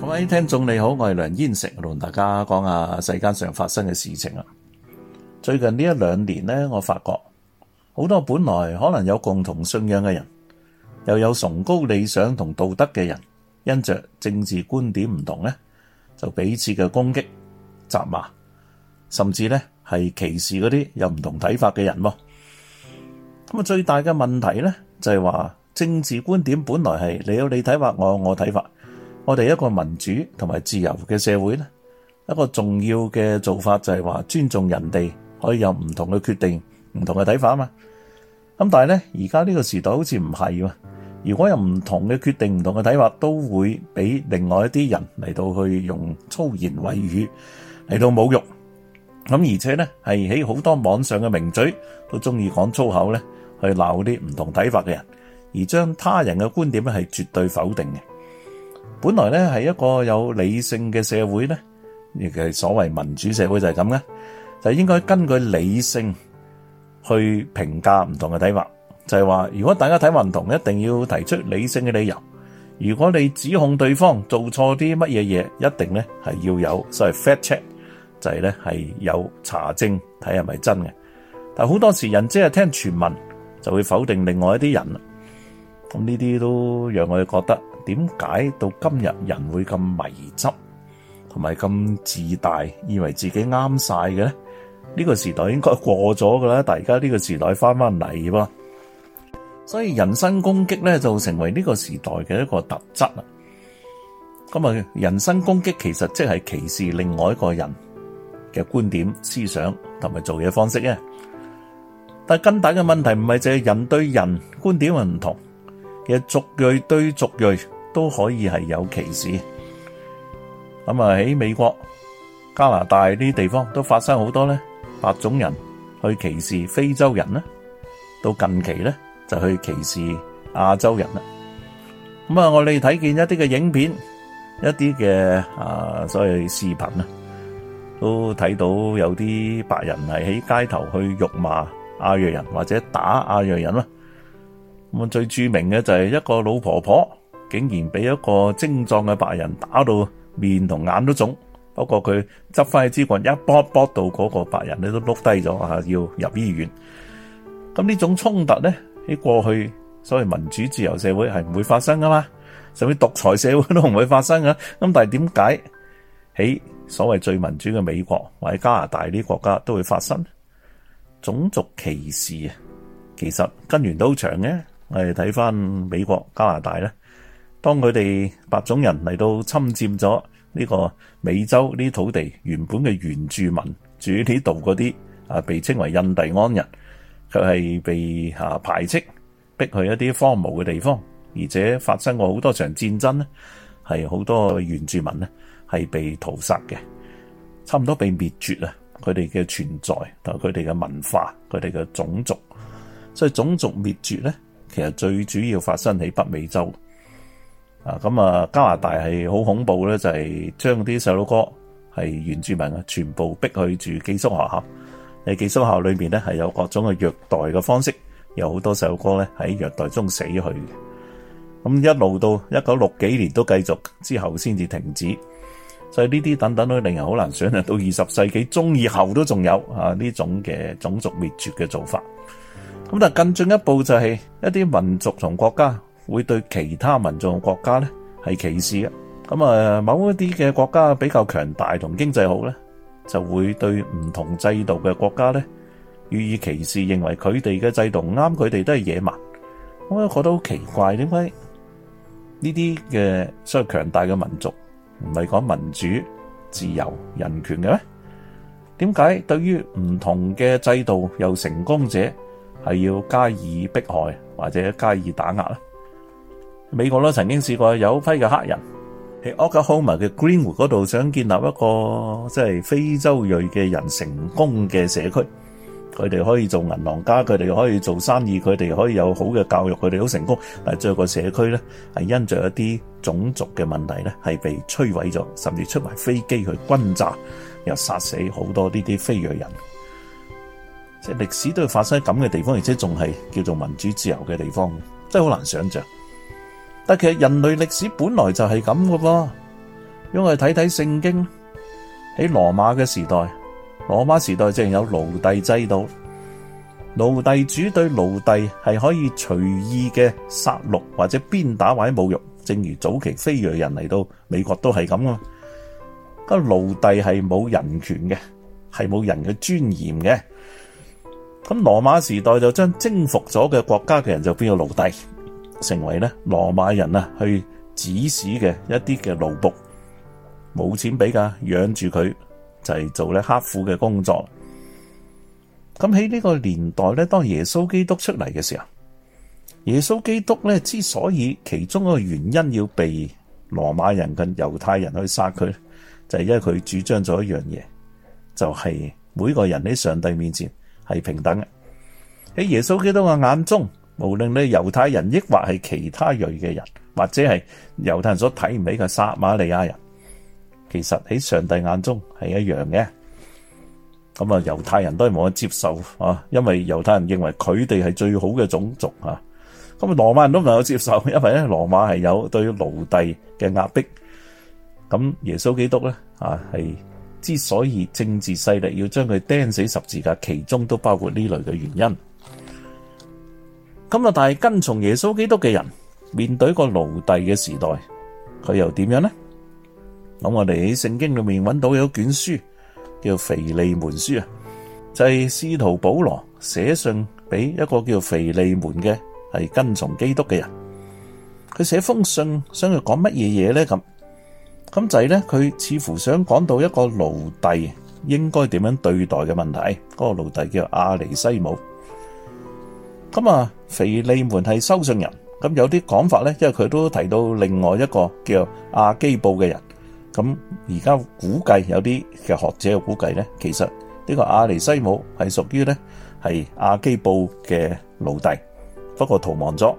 各位聽眾你好，我係梁燕城，同大家講下世間上發生嘅事情啊！最近呢一兩年呢，我發覺好多本來可能有共同信仰嘅人，又有崇高理想同道德嘅人，因着政治觀點唔同呢，就彼此嘅攻擊、責罵，甚至呢係歧視嗰啲有唔同睇法嘅人咯。咁啊，最大嘅問題呢，就係、是、話政治觀點本來係你有你睇法，我有我睇法。我哋一個民主同埋自由嘅社會咧，一個重要嘅做法就係話尊重人哋可以有唔同嘅決定、唔同嘅睇法啊嘛。咁但係咧，而家呢個時代好似唔係喎。如果有唔同嘅決定、唔同嘅睇法，都會俾另外一啲人嚟到去用粗言穢語嚟到侮辱。咁而且咧，係喺好多網上嘅名嘴都中意講粗口咧，去鬧啲唔同睇法嘅人，而將他人嘅觀點咧係絕對否定嘅。本來咧係一個有理性嘅社會咧，亦係所謂民主社會就係咁咧，就應該根據理性去評價唔同嘅睇法。就係話，如果大家睇運動，一定要提出理性嘅理由。如果你指控對方做錯啲乜嘢嘢，一定咧係要有所謂 fact check，就係咧係有查證睇係咪真嘅。但好多時人只係聽傳聞，就會否定另外一啲人。咁呢啲都讓我哋覺得。點解到今日人會咁迷執，同埋咁自大，以為自己啱晒嘅咧？呢個時代應該過咗噶啦，大家呢個時代翻翻嚟喎，所以人身攻擊咧就成為呢個時代嘅一個特質啦。咁啊，人身攻擊其實即係歧視另外一個人嘅觀點、思想同埋做嘢方式咧。但係更大嘅問題唔係淨係人對人觀點係唔同，其實族裔對族裔。都可以係有歧視咁啊！喺美國、加拿大呢啲地方都發生好多呢白種人去歧視非洲人咧，到近期呢就去歧視亞洲人啦。咁啊，我哋睇見一啲嘅影片，一啲嘅啊，所謂視頻啊，都睇到有啲白人係喺街頭去辱罵亞裔人或者打亞裔人啦。咁啊，最著名嘅就係一個老婆婆。竟然俾一個精壯嘅白人打到面同眼都腫，不過佢執翻支棍一波波到嗰個白人咧，都碌低咗啊，要入醫院。咁呢種衝突咧，喺過去所謂民主自由社會係唔會發生噶嘛甚至獨裁社會都唔會發生噶咁但係點解喺所謂最民主嘅美國或者加拿大啲國家都會發生種族歧視啊？其實根源都好長嘅，我哋睇翻美國、加拿大咧。當佢哋白種人嚟到侵佔咗呢個美洲呢土地，原本嘅原住民住呢度嗰啲啊，被稱為印第安人，佢係被排斥，逼去一啲荒蕪嘅地方，而且發生過好多場戰爭咧，係好多原住民咧係被屠殺嘅，差唔多被滅絕啊。佢哋嘅存在同佢哋嘅文化，佢哋嘅種族，所以種族滅絕咧，其實最主要發生喺北美洲。啊，咁啊，加拿大係好恐怖咧，就係將啲細路哥係原住民啊，全部逼去住寄宿學校。誒，寄宿學校裏面咧係有各種嘅虐待嘅方式，有好多細路哥咧喺虐待中死去嘅。咁一路到一九六幾年都繼續，之後先至停止。所以呢啲等等都令人好難想象，到二十世紀中以後都仲有啊呢種嘅種族滅絕嘅做法。咁但更進一步就係一啲民族同國家，會對其他民族國家咧係歧視嘅。咁啊、呃，某一啲嘅國家比較強大同經濟好咧，就會對唔同制度嘅國家咧予以歧視，認為佢哋嘅制度啱佢哋都係野蠻。我都覺得好奇怪，點解呢啲嘅所謂強大嘅民族唔係講民主、自由、人權嘅咩？點解對於唔同嘅制度又成功者係要加以迫害或者加以打壓咧？美國都曾經試過有一批嘅黑人喺 Oklahoma 嘅 Greenwood 嗰度，想建立一個即係非洲裔嘅人成功嘅社區，佢哋可以做銀行家，佢哋可以做生意，佢哋可以有好嘅教育，佢哋好成功。但係最後個社區呢，係因着一啲種族嘅問題呢，係被摧毀咗，甚至出埋飛機去轟炸，又殺死好多呢啲非裔人。即係歷史都發生喺咁嘅地方，而且仲係叫做民主自由嘅地方，真係好難想象。但其實人類歷史本來就係咁噶噃，因為睇睇聖經，喺羅馬嘅時代，羅馬時代正有奴隸制度，奴隸主對奴隸係可以隨意嘅殺戮或者鞭打或者侮辱，正如早期非裔人嚟到美國都係咁啊，個奴隸係冇人權嘅，係冇人嘅尊嚴嘅，咁羅馬時代就將征服咗嘅國家嘅人就變咗奴隸。成為咧羅馬人啊，去指使嘅一啲嘅奴僕，冇錢俾噶，養住佢就係做咧刻苦嘅工作。咁喺呢個年代咧，當耶穌基督出嚟嘅時候，耶穌基督咧之所以其中一個原因要被羅馬人跟猶太人去殺佢，就係因為佢主張咗一樣嘢，就係每個人喺上帝面前係平等嘅。喺耶穌基督嘅眼中。無論你猶太人，抑或係其他裔嘅人，或者係猶太人所睇唔起嘅撒瑪利亞人，其實喺上帝眼中係一樣嘅。咁啊，猶太人都係冇得接受啊，因為猶太人認為佢哋係最好嘅種族啊。咁啊，羅馬人都唔能夠接受，因為咧羅馬係有對奴隸嘅壓迫。咁耶穌基督咧啊，係之所以政治勢力要將佢釘死十字架，其中都包括呢類嘅原因。咁啊！但係跟從耶穌基督嘅人，面對一個奴隸嘅時代，佢又點樣呢？咁我哋喺聖經裏面揾到有一卷書，叫腓利門書啊，就係司徒保羅寫信畀一個叫腓利門嘅，係跟從基督嘅人。佢寫封信，想佢講乜嘢嘢咧？咁咁就係咧，佢似乎想講到一個奴隸應該點樣對待嘅問題。嗰個奴隸叫亞尼西姆。咁啊，腓利門係收信人，咁有啲講法咧，因為佢都提到另外一個叫亞基布嘅人，咁而家估計有啲嘅學者嘅估計咧，其實呢個亞尼西姆係屬於咧係亞基布嘅奴隸，不過逃亡咗，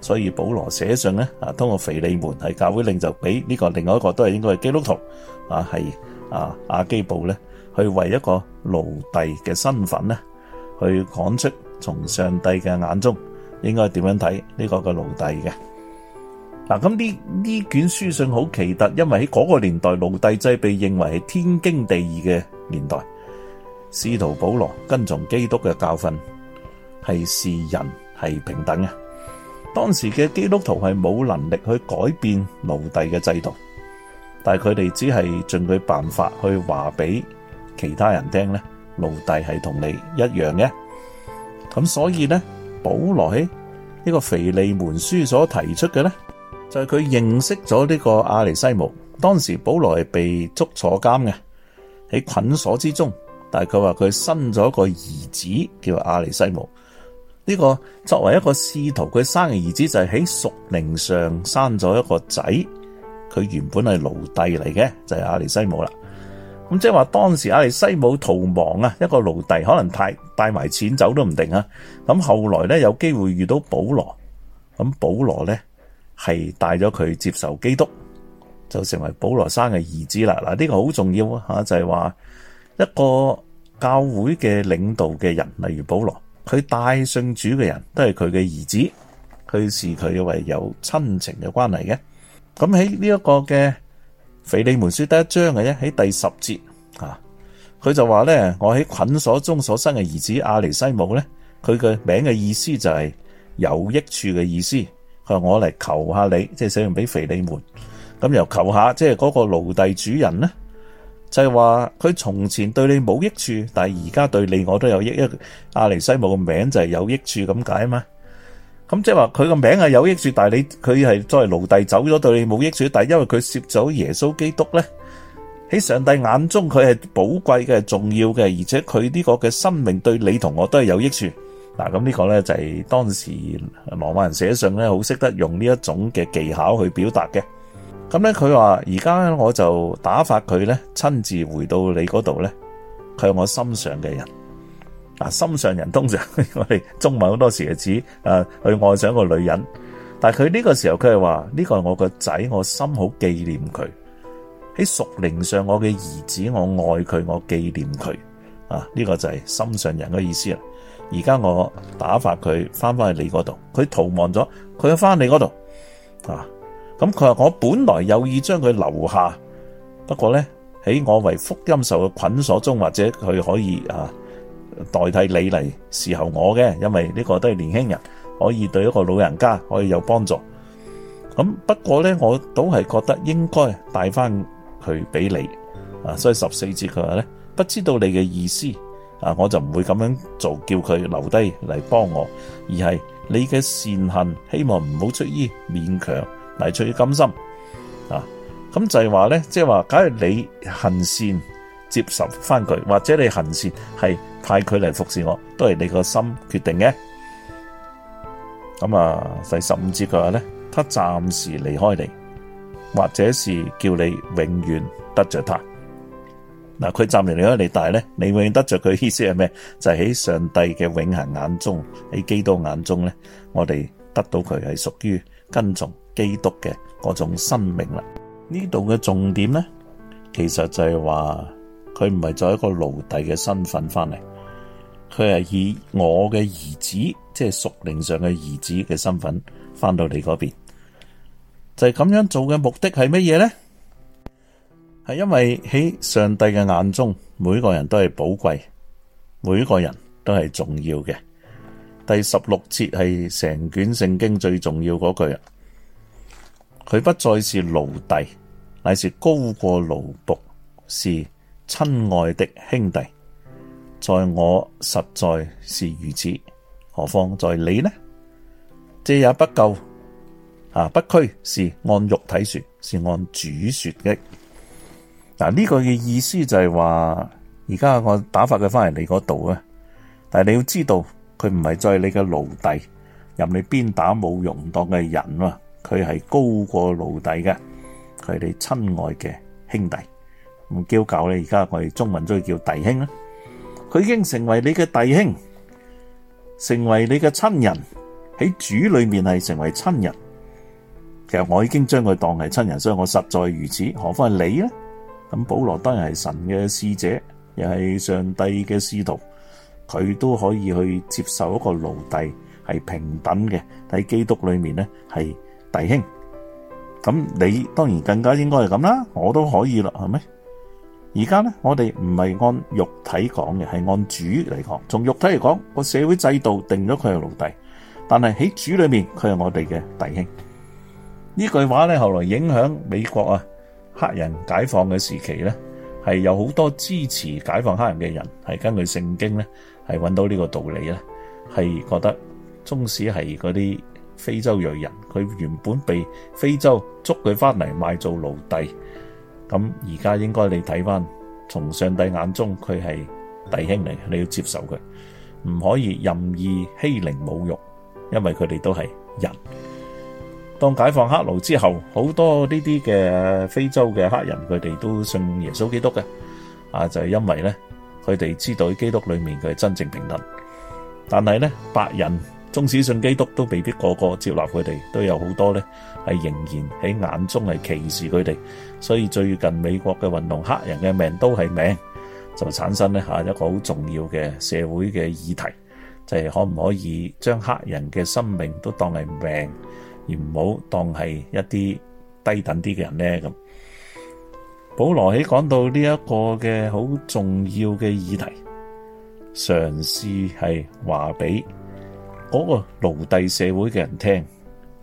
所以保羅寫信咧，啊通過腓利門係教會領袖就俾呢個另外一個都係應該係基督徒，啊係啊亞基布咧，去為一個奴隸嘅身份咧去講出。從上帝嘅眼中，應該點樣睇呢個個奴隸嘅？嗱，咁呢呢卷書信好奇特，因為喺嗰個年代，奴隸制被認為係天經地義嘅年代。使徒保羅跟從基督嘅教訓，係是，是人係平等嘅。當時嘅基督徒係冇能力去改變奴隸嘅制度，但係佢哋只係盡佢辦法去話俾其他人聽咧，奴隸係同你一樣嘅。咁所以咧，保羅喺呢個腓利門書所提出嘅咧，就係、是、佢認識咗呢個阿尼西姆。當時保羅被捉坐監嘅，喺捆鎖之中。但係佢話佢生咗個兒子叫做阿尼西姆。呢、這個作為一個使徒，佢生嘅兒子就係喺屬靈上生咗一個仔。佢原本係奴隸嚟嘅，就係、是、阿尼西姆啦。咁即係話當時阿歷西姆逃亡啊，一個奴隸可能帶帶帶埋錢走都唔定啊。咁後來咧有機會遇到保羅，咁保羅咧係帶咗佢接受基督，就成為保羅生嘅兒子啦。嗱、這、呢個好重要啊吓，就係、是、話一個教會嘅領導嘅人，例如保羅，佢帶信主嘅人都係佢嘅兒子，佢視佢為有親情嘅關係嘅。咁喺呢一個嘅。腓利門書第一章嘅啫，喺第十節啊，佢就話咧，我喺捆鎖中所生嘅兒子阿尼西姆咧，佢嘅名嘅意思就係有益處嘅意思。佢話我嚟，求下你，即係寫完俾腓利門，咁又求下即係嗰個奴隸主人咧，就係話佢從前對你冇益處，但係而家對你我都有益。阿尼西姆嘅名就係有益處咁解啊嘛。咁即係話佢個名係有益處，但係你佢係作為奴隸走咗對你冇益處，但係因為佢攝走耶穌基督咧，喺上帝眼中佢係寶貴嘅、重要嘅，而且佢呢個嘅生命對你同我都係有益處。嗱，咁呢個咧就係當時羅馬人寫信咧，好識得用呢一種嘅技巧去表達嘅。咁咧佢話而家我就打發佢咧，親自回到你嗰度咧，佢係我心上嘅人。嗱、啊，心上人通常我哋中文好多時係指，誒、啊，去愛上一個女人。但係佢呢個時候佢係話呢個係我個仔，我心好紀念佢喺屬靈上我嘅兒子，我愛佢，我紀念佢啊。呢、這個就係心上人嘅意思啦。而家我打發佢翻翻去你嗰度，佢逃亡咗，佢翻你嗰度啊。咁佢話我本來有意將佢留下，不過咧喺我為福音受嘅捆鎖中，或者佢可以啊。代替你嚟侍候我嘅，因為呢個都係年輕人可以對一個老人家可以有幫助。咁不過呢，我都係覺得應該帶翻佢俾你啊。所以十四節佢話呢，不知道你嘅意思啊，我就唔會咁樣做，叫佢留低嚟幫我，而係你嘅善行，希望唔好出於勉強，乃出於甘心啊。咁就係話呢，即係話，假如你行善接受翻佢，或者你行善係。派佢嚟服侍我，都係你個心決定嘅。咁啊，第十五節佢話咧，他暫時離開你，或者是叫你永遠得着他。他嗱。佢暫時離開你，但係咧，你永遠得着佢，意思係咩？就係喺上帝嘅永恆眼中，喺基督眼中咧，我哋得到佢係屬於跟從基督嘅嗰種生命啦。呢度嘅重點咧，其實就係話佢唔係作為一個奴隸嘅身份翻嚟。佢係以我嘅兒子，即係屬靈上嘅兒子嘅身份，翻到你嗰邊，就係、是、咁樣做嘅目的係乜嘢呢？係因為喺上帝嘅眼中，每個人都係寶貴，每個人都係重要嘅。第十六節係成卷聖經最重要嗰句啊！佢不再是奴隸，乃是高過奴僕，是親愛的兄弟。在我實在是如此，何況在你呢？這也不夠啊！不拘是按肉體説，是按主説嘅嗱。呢、啊這個嘅意思就係話，而家我打發佢翻嚟你嗰度啊。但係你要知道，佢唔係在你嘅奴隸任你鞭打冇用當嘅人啊。佢係高過奴隸嘅，佢哋親愛嘅兄弟咁，叫狗咧。而家我哋中文都要叫弟兄啦。佢已經成為你嘅弟兄，成為你嘅親人，喺主裏面係成為親人。其實我已經將佢當係親人，所以我實在如此，何況係你呢？咁保羅當然係神嘅使者，又係上帝嘅使徒，佢都可以去接受一個奴隸係平等嘅，喺基督裏面呢，係弟兄。咁你當然更加應該係咁啦，我都可以啦，係咪？而家咧，我哋唔係按肉體講嘅，係按主嚟講。從肉體嚟講，個社會制度定咗佢係奴隸，但係喺主裏面，佢係我哋嘅弟兄。呢句話咧，後來影響美國啊，黑人解放嘅時期咧，係有好多支持解放黑人嘅人係根據聖經咧，係揾到呢個道理咧，係覺得縱使係嗰啲非洲裔人，佢原本被非洲捉佢翻嚟賣做奴隸。咁而家應該你睇返，從上帝眼中佢係弟兄嚟，你要接受佢，唔可以任意欺凌侮辱，因為佢哋都係人。當解放黑奴之後，好多呢啲嘅非洲嘅黑人，佢哋都信耶穌基督嘅，啊就係因為咧，佢哋知道基督裏面佢係真正平等。但係咧，白人宗史信基督都未必個個接納佢哋，都有好多咧。係仍然喺眼中係歧視佢哋，所以最近美國嘅運動黑人嘅命都係命，就產生呢下一個好重要嘅社會嘅議題，就係可唔可以將黑人嘅生命都當係命，而唔好當係一啲低等啲嘅人呢，咁。保羅喺講到呢一個嘅好重要嘅議題，嘗試係話俾嗰個奴隸社會嘅人聽。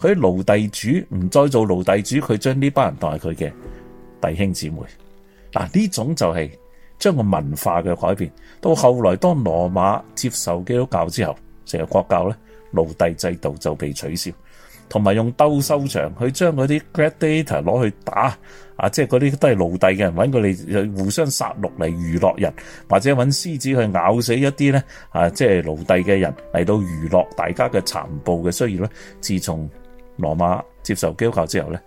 佢奴隸主唔再做奴隸主，佢將呢班人當係佢嘅弟兄姊妹。嗱呢種就係將個文化嘅改變。到後來，當羅馬接受基督教之後，成個國教咧，奴隸制度就被取消，同埋用鬥獸場去將嗰啲 gladiator 攞去打啊，即係嗰啲都係奴隸嘅人，搵佢哋互相殺戮嚟娛樂人，或者搵獅子去咬死一啲咧啊，即係奴隸嘅人嚟到娛樂大家嘅殘暴嘅需要咧。自從羅馬接受基督教之後咧，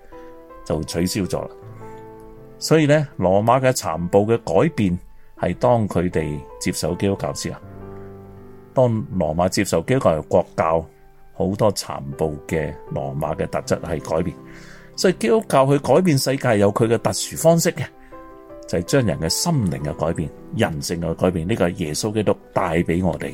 就取消咗啦。所以咧，羅馬嘅殘暴嘅改變係當佢哋接受基督教之後，當羅馬接受基督教為國教，好多殘暴嘅羅馬嘅特質係改變。所以基督教去改變世界有佢嘅特殊方式嘅，就係、係、將人嘅心靈嘅改變、人性嘅改變呢、呢個耶穌基督帶俾我哋。